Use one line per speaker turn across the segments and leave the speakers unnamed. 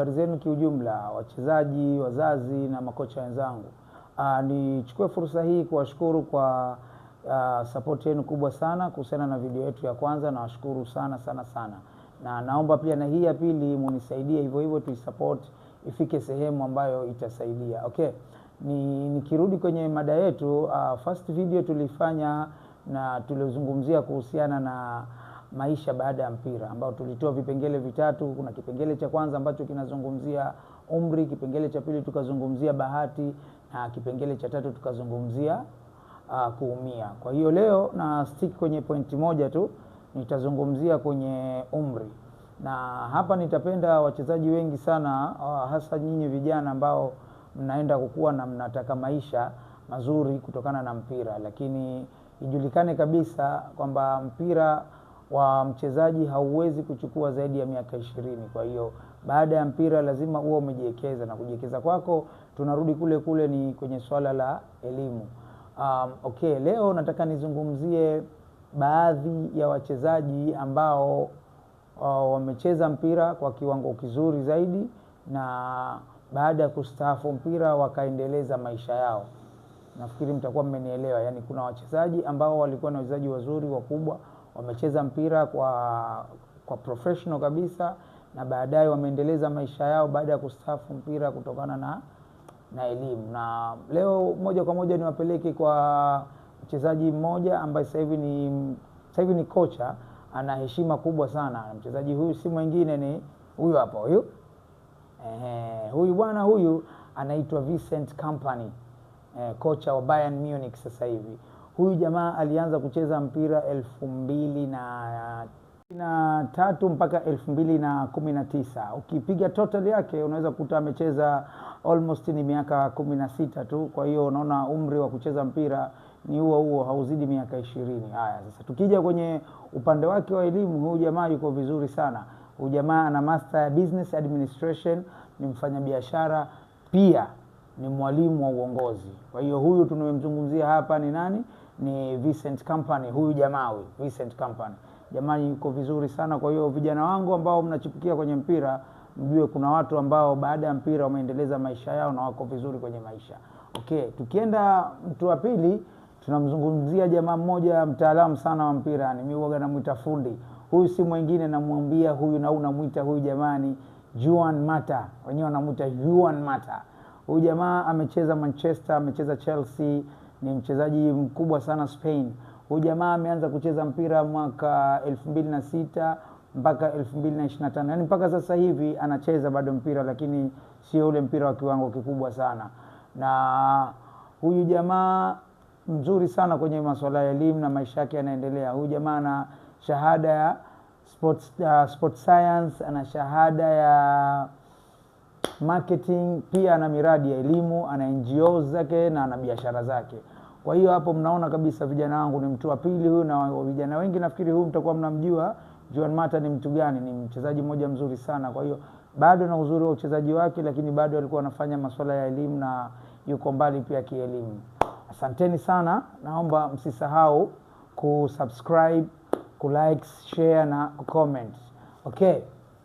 habari zenu kiujumla, wachezaji, wazazi na makocha wenzangu. Ah, nichukue fursa hii kuwashukuru kwa uh, ah, sapoti yenu kubwa sana kuhusiana na video yetu ya kwanza. Nawashukuru sana sana sana, na naomba pia na hii ya pili munisaidie hivyo hivyo, tuisapoti ifike sehemu ambayo itasaidia. Okay, ni nikirudi kwenye mada yetu uh, first video tulifanya na tulizungumzia kuhusiana na maisha baada ya mpira, ambao tulitoa vipengele vitatu. Kuna kipengele cha kwanza ambacho kinazungumzia umri, kipengele cha pili tukazungumzia bahati, na kipengele cha tatu tukazungumzia uh, kuumia. Kwa hiyo leo na stick kwenye pointi moja tu, nitazungumzia kwenye umri, na hapa nitapenda wachezaji wengi sana uh, hasa nyinyi vijana ambao mnaenda kukua na mnataka maisha mazuri kutokana na mpira, lakini ijulikane kabisa kwamba mpira wa mchezaji hauwezi kuchukua zaidi ya miaka ishirini. Kwa hiyo baada ya mpira lazima huwa umejiwekeza, na kujiwekeza kwako tunarudi kule kule ni kwenye swala la elimu. Um, okay, leo nataka nizungumzie baadhi ya wachezaji ambao uh, wamecheza mpira kwa kiwango kizuri zaidi na baada ya kustaafu mpira wakaendeleza maisha yao. Nafikiri mtakuwa mmenielewa, yaani kuna wachezaji ambao walikuwa na wachezaji wazuri wakubwa wamecheza mpira kwa, kwa professional kabisa na baadaye wameendeleza maisha yao baada ya kustaafu mpira kutokana na na elimu. Na leo moja kwa moja niwapeleke kwa mchezaji mmoja ambaye sasa hivi ni sasa hivi ni kocha, ana heshima kubwa sana. Mchezaji huyu si mwingine ni huyu hapa huyu, huyu bwana huyu anaitwa Vincent Kompany, eh, kocha wa Bayern Munich sasa hivi. Huyu jamaa alianza kucheza mpira elfu mbili na na tatu mpaka elfu mbili na kumi na tisa. Ukipiga total yake unaweza kukuta amecheza almost ni miaka kumi na sita tu. Kwa hiyo unaona umri wa kucheza mpira ni huo huo, hauzidi miaka ishirini. Haya, sasa tukija kwenye upande wake wa elimu, huyu jamaa yuko vizuri sana. Huyu jamaa ana master ya business administration, ni mfanyabiashara pia ni mwalimu wa uongozi. Kwa hiyo huyu tunayemzungumzia hapa ni nani? ni Vincent Company, huyu jamaa huyu Vincent Company jamani, yuko vizuri sana. Kwa hiyo vijana wangu ambao mnachipukia kwenye mpira, mjue kuna watu ambao baada ya mpira wameendeleza maisha yao na wako vizuri kwenye maisha. Okay, tukienda mtu wa pili tunamzungumzia jamaa mmoja mtaalamu sana wa mpira, ni huwa namwita fundi. Huyu si mwingine, namwambia huyu na unamwita huyu jamani, Juan Mata, wenyewe wanamwita Juan Mata. Huyu jamaa amecheza Manchester, amecheza Chelsea ni mchezaji mkubwa sana Spain. Huyu jamaa ameanza kucheza mpira mwaka elfu mbili na sita mpaka elfu mbili na ishirini na tano yaani mpaka sasa hivi anacheza bado mpira, lakini sio ule mpira wa kiwango kikubwa sana. Na huyu jamaa mzuri sana kwenye masuala ya elimu na maisha yake yanaendelea. Huyu jamaa ana shahada ya sports, uh, sports science ana shahada ya marketing, pia ana miradi ya elimu, ana NGO zake na ana biashara zake. Kwa hiyo hapo mnaona kabisa vijana wangu ni mtu wa pili huyu, na vijana wengi nafikiri huyu mtakuwa mnamjua Juan Mata ni mtu gani, ni mchezaji mmoja mzuri sana. Kwa hiyo bado na uzuri wa uchezaji wake, lakini bado alikuwa anafanya masuala ya elimu na yuko mbali pia kielimu. Asanteni sana, naomba msisahau kusubscribe, kulike, share na comment. Okay.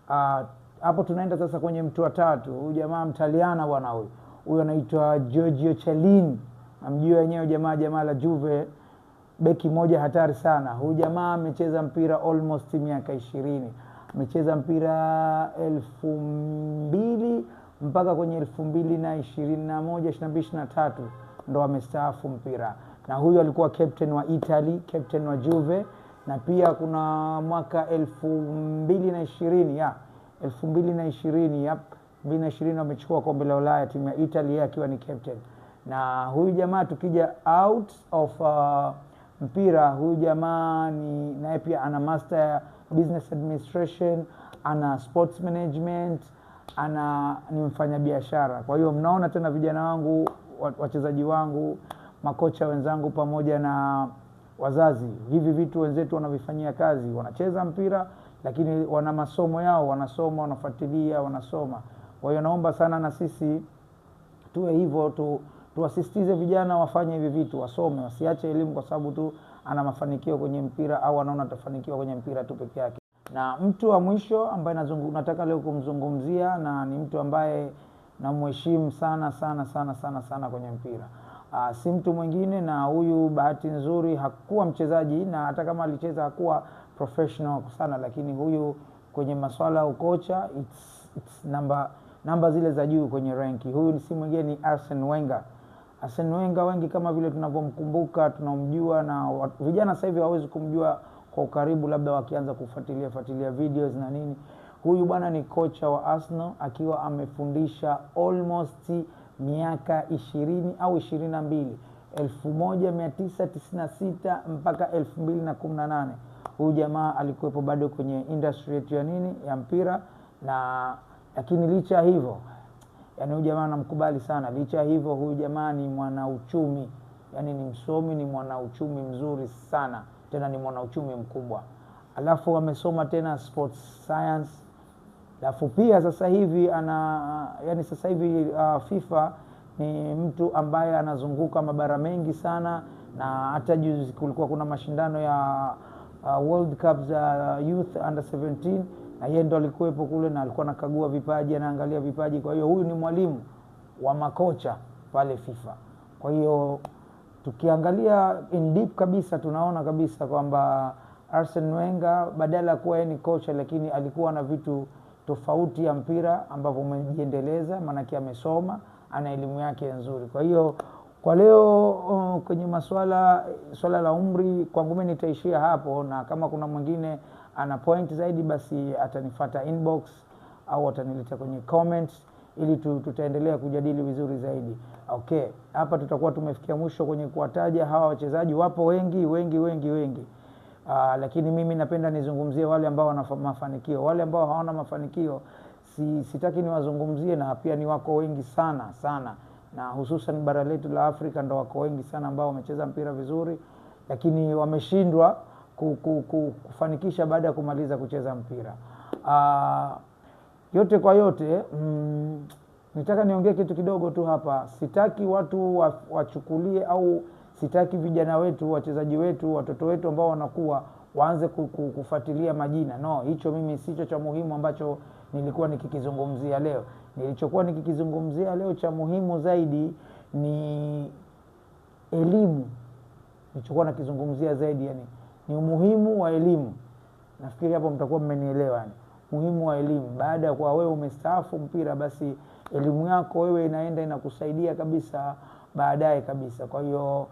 Uh, hapo tunaenda sasa kwenye mtu wa tatu. Huyu jamaa Mtaliana bwana, huyu huyu anaitwa Giorgio Chiellini, namjua wenyewe jamaa jamaa la Juve, beki moja hatari sana. Huyu jamaa amecheza mpira almost miaka ishirini, amecheza mpira elfu mbili mpaka kwenye elfu mbili na ishirini na moja ishirini na mbili ishirini na tatu ndo amestaafu mpira, na huyu alikuwa captain wa Italy, captain wa Juve, na pia kuna mwaka elfu mbili na ishirini ya elfu mbili na ishirini yap mbili na ishirini wamechukua kombe la Ulaya timu ya Italy akiwa ni captain, na huyu jamaa tukija out of uh, mpira huyu jamaa ni naye pia ana master ya business administration, ana sports management, ana ni mfanyabiashara. Kwa hiyo mnaona tena vijana wangu, wachezaji wangu, makocha wenzangu, pamoja na wazazi, hivi vitu wenzetu wanavifanyia kazi, wanacheza mpira lakini wana masomo yao, wanasoma, wanafuatilia, wanasoma. Kwa hiyo naomba sana na sisi tuwe hivyo tu, tuwasistize vijana wafanye hivi vitu, wasome, wasiache elimu kwa sababu tu ana mafanikio kwenye mpira au anaona atafanikiwa kwenye mpira tu peke yake. Na mtu wa mwisho ambaye nataka leo kumzungumzia na ni mtu ambaye namheshimu sana sana sana sana sana kwenye mpira uh, si mtu mwingine, na huyu bahati nzuri hakuwa mchezaji, na hata kama alicheza hakuwa professional sana, lakini huyu kwenye maswala ya ukocha it's, it's namba namba zile za juu kwenye renki. Huyu si mwingine ni Arsene Wenger. Arsene Wenger wengi kama vile tunavyomkumbuka tunamjua, na vijana sasa hivi hawawezi kumjua kwa ukaribu, labda wakianza kufuatilia fuatilia videos na nini. Huyu bwana ni kocha wa Arsenal akiwa amefundisha almost miaka ishirini au ishirini na mbili 1996 mpaka 2018 huyu jamaa alikuwepo bado kwenye industry yetu ya nini ya mpira na lakini licha ya hivyo yani huyu jamaa namkubali sana licha ya hivyo huyu jamaa ni mwanauchumi yani ni msomi ni mwanauchumi mzuri sana tena ni mwanauchumi mkubwa alafu amesoma tena sports science Alafu pia sasa hivi ana yani, sasa hivi uh, FIFA ni mtu ambaye anazunguka mabara mengi sana, na hata juzi kulikuwa kuna mashindano ya uh, World Cup za uh, youth under 17 na yeye ndo alikuwepo kule na alikuwa anakagua vipaji, anaangalia vipaji. Kwa hiyo huyu ni mwalimu wa makocha pale FIFA. Kwa hiyo tukiangalia in deep kabisa, tunaona kabisa kwamba Arsene Wenger badala ya kuwa yeye ni kocha, lakini alikuwa na vitu tofauti ya mpira ambavyo umejiendeleza, maanake amesoma, ana elimu yake nzuri. Kwa hiyo kwa leo uh, kwenye masuala swala la umri kwangu mimi nitaishia hapo, na kama kuna mwingine ana point zaidi, basi atanifata inbox au atanileta kwenye comments ili tutaendelea kujadili vizuri zaidi. Okay, hapa tutakuwa tumefikia mwisho kwenye kuwataja hawa wachezaji. Wapo wengi wengi wengi wengi. Aa, ah, lakini mimi napenda nizungumzie wale ambao wana mafanikio. Wale ambao hawana mafanikio si, sitaki niwazungumzie, na pia ni wako wengi sana sana, na hususan bara letu la Afrika ndo wako wengi sana ambao wamecheza mpira vizuri, lakini wameshindwa kufanikisha baada ya kumaliza kucheza mpira. Aa, ah, yote kwa yote mm, nitaka niongee kitu kidogo tu hapa. Sitaki watu wachukulie au Sitaki vijana wetu, wachezaji wetu, watoto wetu ambao wanakuwa waanze kufuatilia majina. No, hicho mimi sicho cha muhimu ambacho nilikuwa nikikizungumzia leo. Nilichokuwa nikikizungumzia leo cha muhimu zaidi ni elimu. Nilichokuwa nakizungumzia zaidi yani ni umuhimu wa elimu. Nafikiri hapo mtakuwa mmenielewa yani. Muhimu wa elimu, baada ya kuwa wewe umestaafu mpira, basi elimu yako wewe inaenda inakusaidia kabisa baadaye kabisa, kwa hiyo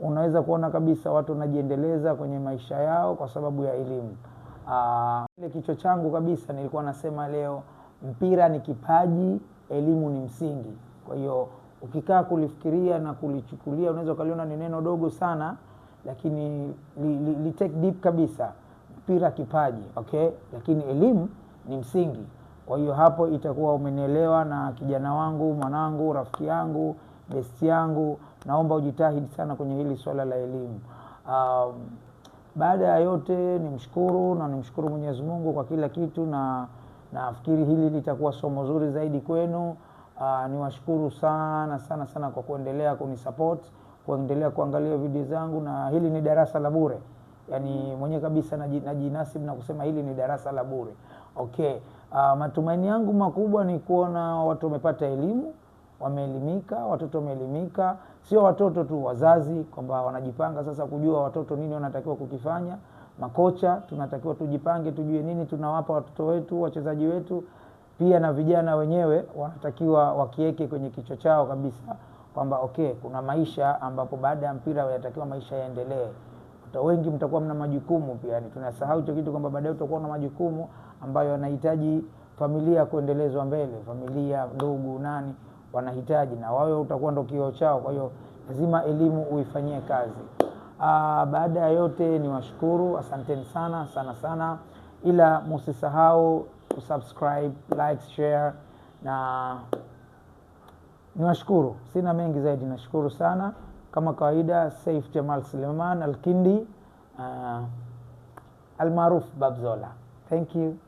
unaweza kuona kabisa watu wanajiendeleza kwenye maisha yao kwa sababu ya elimu. Ah, Ile kichwa changu kabisa nilikuwa nasema leo, mpira ni kipaji, elimu ni msingi. Kwa hiyo ukikaa kulifikiria na kulichukulia, unaweza ukaliona ni neno dogo sana, lakini li, li, li take deep kabisa. Mpira kipaji, okay, lakini elimu ni msingi. Kwa hiyo hapo itakuwa umenielewa, na kijana wangu, mwanangu, rafiki yangu, besti yangu naomba ujitahidi sana kwenye hili swala la elimu. Um, baada ya yote nimshukuru na nimshukuru Mwenyezi Mungu kwa kila kitu, na nafikiri hili litakuwa somo zuri zaidi kwenu. Uh, niwashukuru sana sana sana kwa kuendelea kunisupport, kuendelea kuangalia video zangu, na hili ni darasa la bure yaani mwenyewe kabisa najinasibu na kusema hili ni darasa la bure. Okay. Uh, matumaini yangu makubwa ni kuona watu wamepata elimu wameelimika, watoto wameelimika, sio watoto tu, wazazi kwamba wanajipanga sasa kujua watoto nini wanatakiwa kukifanya. Makocha tunatakiwa tujipange, tujue nini tunawapa watoto wetu, wachezaji wetu, pia na vijana wenyewe wanatakiwa wakieke kwenye kichwa chao kabisa kwamba okay, kuna maisha ambapo baada ya mpira yanatakiwa maisha yaendelee. Wengi mtakuwa mna majukumu pia, yani tunasahau hicho kitu kwamba baadaye utakuwa na majukumu ambayo yanahitaji familia kuendelezwa mbele, familia, ndugu, nani wanahitaji na wawe utakuwa ndo kio chao. Kwa hiyo lazima elimu uifanyie kazi. Aa, ah, baada ya yote ni washukuru, asanteni sana sana sana, ila msisahau kusubscribe, like, share na niwashukuru. Sina mengi zaidi, nashukuru sana kama kawaida. Saif Jamal Suleiman Alkindi, uh, ah, almaruf Babzola. Thank you.